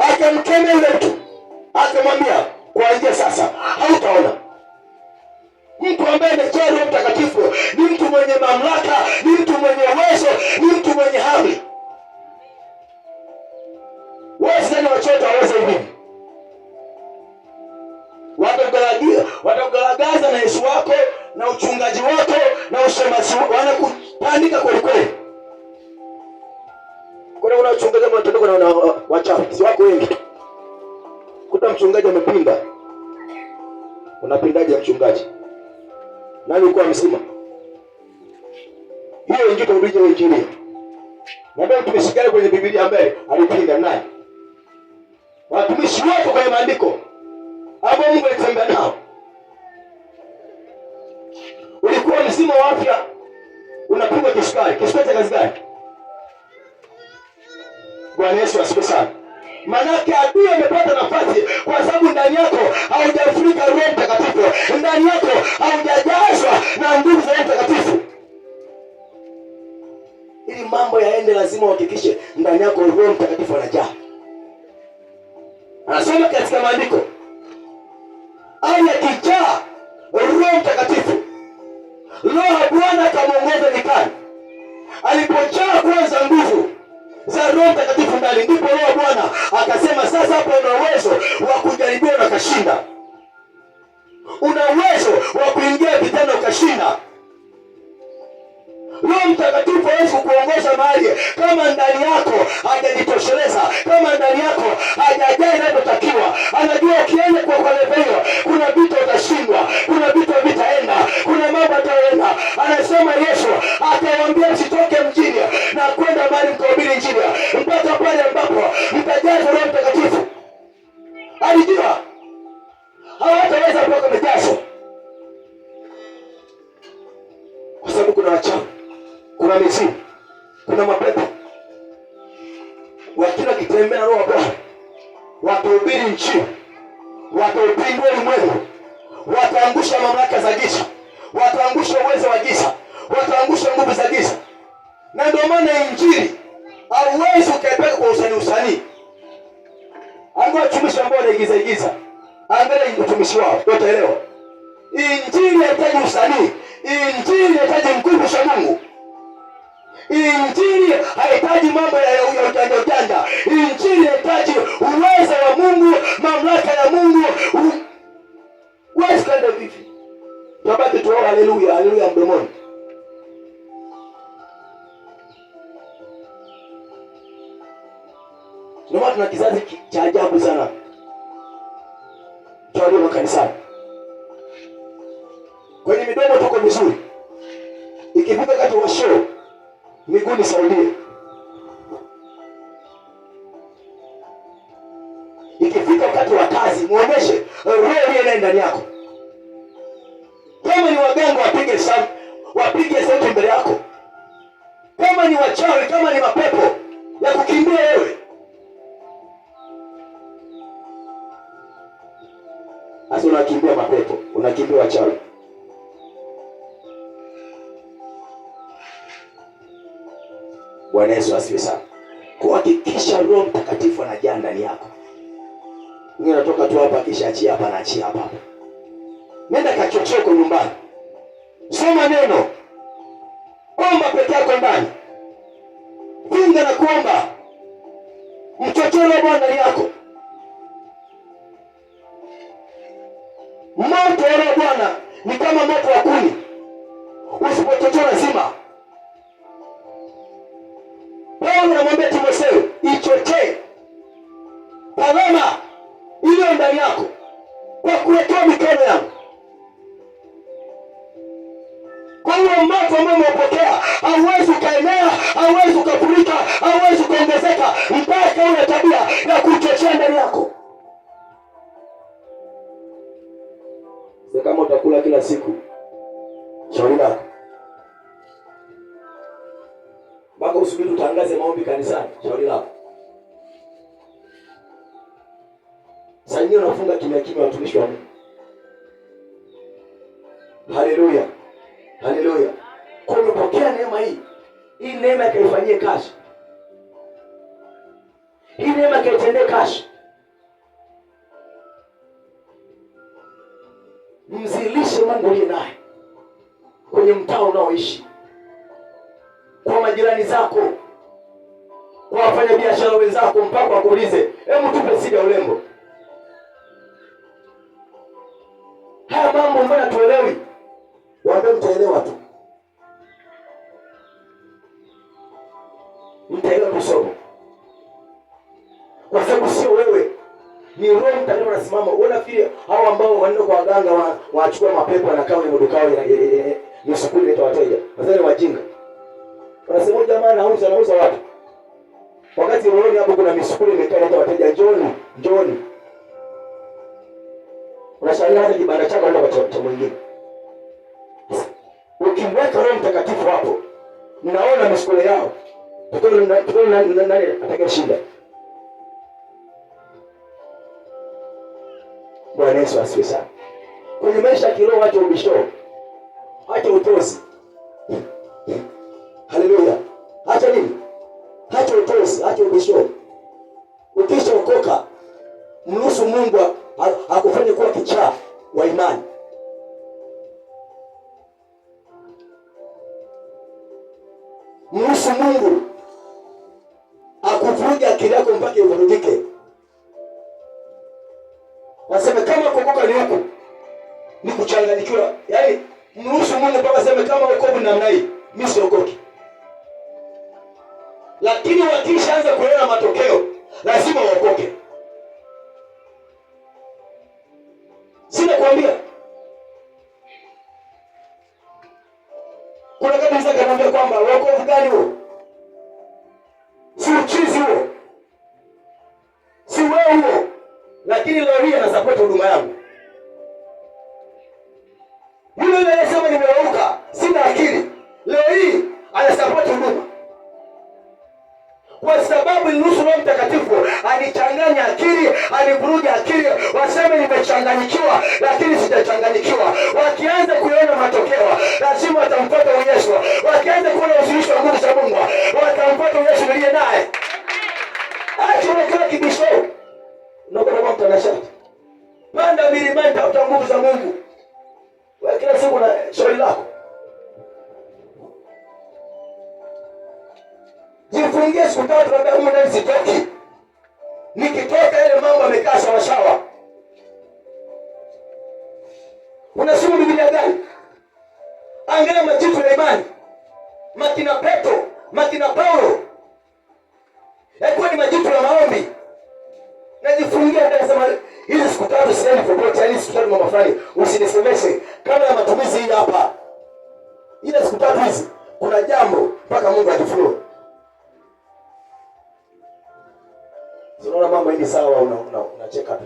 akamkemea yule mtu akamwambia, kuanzia sasa hautaona. Mtu ambaye amejaa Roho Mtakatifu ni mtu mwenye mamlaka, ni mtu mwenye uwezo, ni mtu mwenye hali wesani wachoto waweza hivi watakugaragaza na Yesu wako na uchungaji wako na ushemasi, wanakutandika kwelikweli mchungaji ambaye wanatembea na wachafu, si wako wengi? Kuta mchungaji amepinda, unapindaje ya mchungaji? Nani uko amesema? Hiyo ndio tunahubiri ile injili. Naomba tumeshikana kwenye Biblia ambaye alipinda naye. Watumishi wako kwenye maandiko. Hapo Mungu alitembea nao. Ulikuwa mzima wa afya unapigwa kisukari. Kisukari cha kazi gani? Bwana Yesu asifiwe sana. Manake adui amepata nafasi kwa sababu ndani yako haujafurika Roho Mtakatifu, ndani yako haujajazwa na nguvu za Roho Mtakatifu. Ili mambo yaende, lazima uhakikishe ndani yako Roho Mtakatifu anajaa. Anasema katika maandiko au akijaa Roho Mtakatifu, Roho Bwana atamwongoza nyikani. Alipojaa kwanza nguvu za Roho Mtakatifu ndani, ndipo Roho Bwana akasema sasa, hapo una uwezo wa kujaribiwa na kashinda, una uwezo wa kuingia vitani ukashinda. Roho Mtakatifu hawezi kukuongoza mahali kama ndani yako hajajitosheleza, kama ndani yako hajajaa inayotakiwa. Anajua ukienda kwa kwa level hiyo unaweza kuweka na kwa sababu kuna wachafu, kuna mizimu, kuna mapepo. Wakila kitembea roho ya Bwana watahubiri nchi, wataupindua ulimwengu, wataangusha mamlaka za giza, wataangusha uwezo wa giza, wataangusha nguvu za giza. Na ndio maana injili hauwezi ukaipeka kwa usanii usanii, ambao wachumbishi ambao wanaigiza igiza angalia mtumishi wao, utaelewa. Injili haitaji usanii, injili haitaji nguvu za Mungu, injili haitaji mambo ya utanda utanda, injili haitaji uwezo wa Mungu, mamlaka ya Mungu. Huwezi kwenda vipi? Tabaki tu haleluya, haleluya mdomoni. Ndio maana tuna kizazi cha ajabu sana walio makanisani. Kwenye midomo tuko vizuri, ikifika kati wa show miguu nisaidie, ikifika wakati wa kazi muonyeshe roho iliyo ndani yako. Kama ni waganga wapige sauti, wapige sauti mbele yako. Kama ni wachawi, kama ni mapepo ya kukimbia wewe Sasa unakimbia mapepo, unakimbia wachawi. Bwana Yesu asifiwe sana. Kuhakikisha Roho Mtakatifu anajaa ndani yako. Mimi natoka tu hapa kisha achia hapa na achia hapa. Nenda kachochee kwa nyumbani. Soma neno. Omba peke yako ndani. Pinga na kuomba. Mchochee Bwana ndani yako. kutwa lazima Paulo anamwambia Timotheo, ichochee tazama iliyo ndani yako kwa kuwekea mikono yangu. Kwa hiyo moto ambao umeupokea hauwezi ukaenea, hauwezi ukafurika, hauwezi ukaongezeka mpaka una tabia ya kuchochea ndani yako. Kama utakula kila siku, shauri lako. mpaka usubiri utangaze maombi kanisani. Shauri lako. Saa nyingine unafunga kimya kimya, watumishi wa Mungu. Haleluya, haleluya! Kwa umepokea neema hii, hii neema ikaifanyie kazi, hii neema ikaitendee kazi. Mzilishe Mungu uliye naye kwenye mtaa unaoishi kwa majirani zako, kwa wafanya biashara wenzako, mpaka wakuulize, hebu tupe sida ulembo. Haya mambo mbona tuelewi? Waambie mtaelewa tu, mtaelewa tu kwa sababu sio wewe ni Roho Mtakatifu anasimama. Unafikiri hao ambao wanaenda kwa waganga wanachukua mapepo wanakaa kwenye madukao ya sukuli, wateja, wazale wajinga. Unasema jamaa anauza anauza wapi? Wakati unaona hapo kuna misukuli imekaa inaita wateja John, John. Unashangaa hata kibanda chako ndio cha cha mwingine. Ukimweka Roho Mtakatifu hapo, mnaona misukuli yao. Tukiona tukiona nani shida. Bwana Yesu asifiwe sana. Kwenye maisha ya kiroho acha ubisho. Acha utosi. Yesu, acha ubisho. Ukishaokoka mruhusu Mungu akufanye kuwa kichaa wa imani. Mruhusu Mungu akuvuruge akili yako mpaka ivurugike. Waseme kama kuokoka ni huku ni kuchanganyikiwa, yaani mruhusu Mungu mpaka aseme kama wokovu namna hii, mimi siokoki lakini wakishaanza kuona matokeo lazima waokoke. Sina kuambia, kuna kabisa kanambia kwamba wokovu gani huo? Si uchizi huo, si wewe huo, lakini leo hii anasapoti huduma yangu. alichanganya akili, alivuruga akili, waseme nimechanganyikiwa, lakini sitachanganyikiwa. Wakianza kuona matokeo, lazima watampata Yesu. Wakianza kuona usuluhisho wa nguvu za Mungu, watampata Yesu aliye naye. Acha kibisho na kama mtanashati, panda milimani, tafuta nguvu za Mungu. Wewe kila siku na shauri lako jifungie siku tatu, labda Mungu nisitoki nikitoka ile mambo amekaa shawashawa. Unasoma Biblia gani? Angalia majitu ya imani, makina Petro, makina Paulo yakuwa ni majitu ya maombi. Najifungia sema hizi siku tatu siendi popote, yaani siku tatu mama fulani usinisemeshe kama ya matumizi hii hapa, Ile siku tatu hizi kuna jambo mpaka Mungu atufunue. sawa, unacheka una, una